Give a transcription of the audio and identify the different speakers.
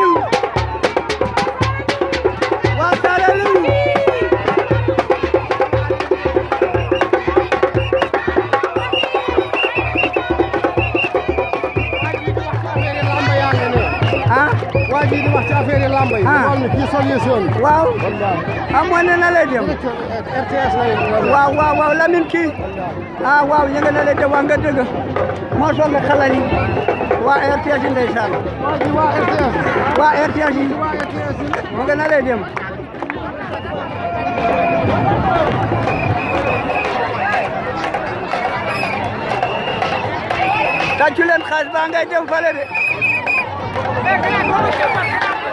Speaker 1: you.
Speaker 2: waa ji di wax ci affaire yi lamb yi. ah ñu ci solution.
Speaker 3: waaw amoon ah, na na lay dem. waaw waaw waaw Lamine
Speaker 4: kii. Ah, waaw ñu nga na lay dem waa nga dëgg. moo soog a xelal waa RTS yi ndeysaan. waa ji waa waa RTS yi. waa RTS yi. nga na lay dem.
Speaker 5: tàccu leen xaalis ba ngay dem fale de